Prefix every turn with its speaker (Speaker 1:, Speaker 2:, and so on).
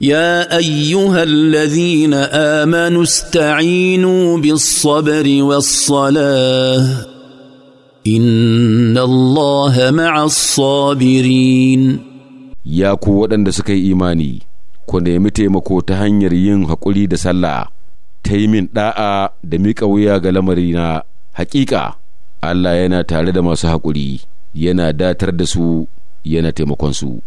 Speaker 1: يا ايها الذين امنوا استعينوا بالصبر والصلاه ان الله مع الصابرين
Speaker 2: يا ku waɗanda suka yi imani ku nemi taimako ta hanyar yin haƙuri da sallah ta yi min ɗa'a da miƙa wuya ga lamarina haƙiƙa Allah yana tare da masu haƙuri yana datar da su yana taimakon su.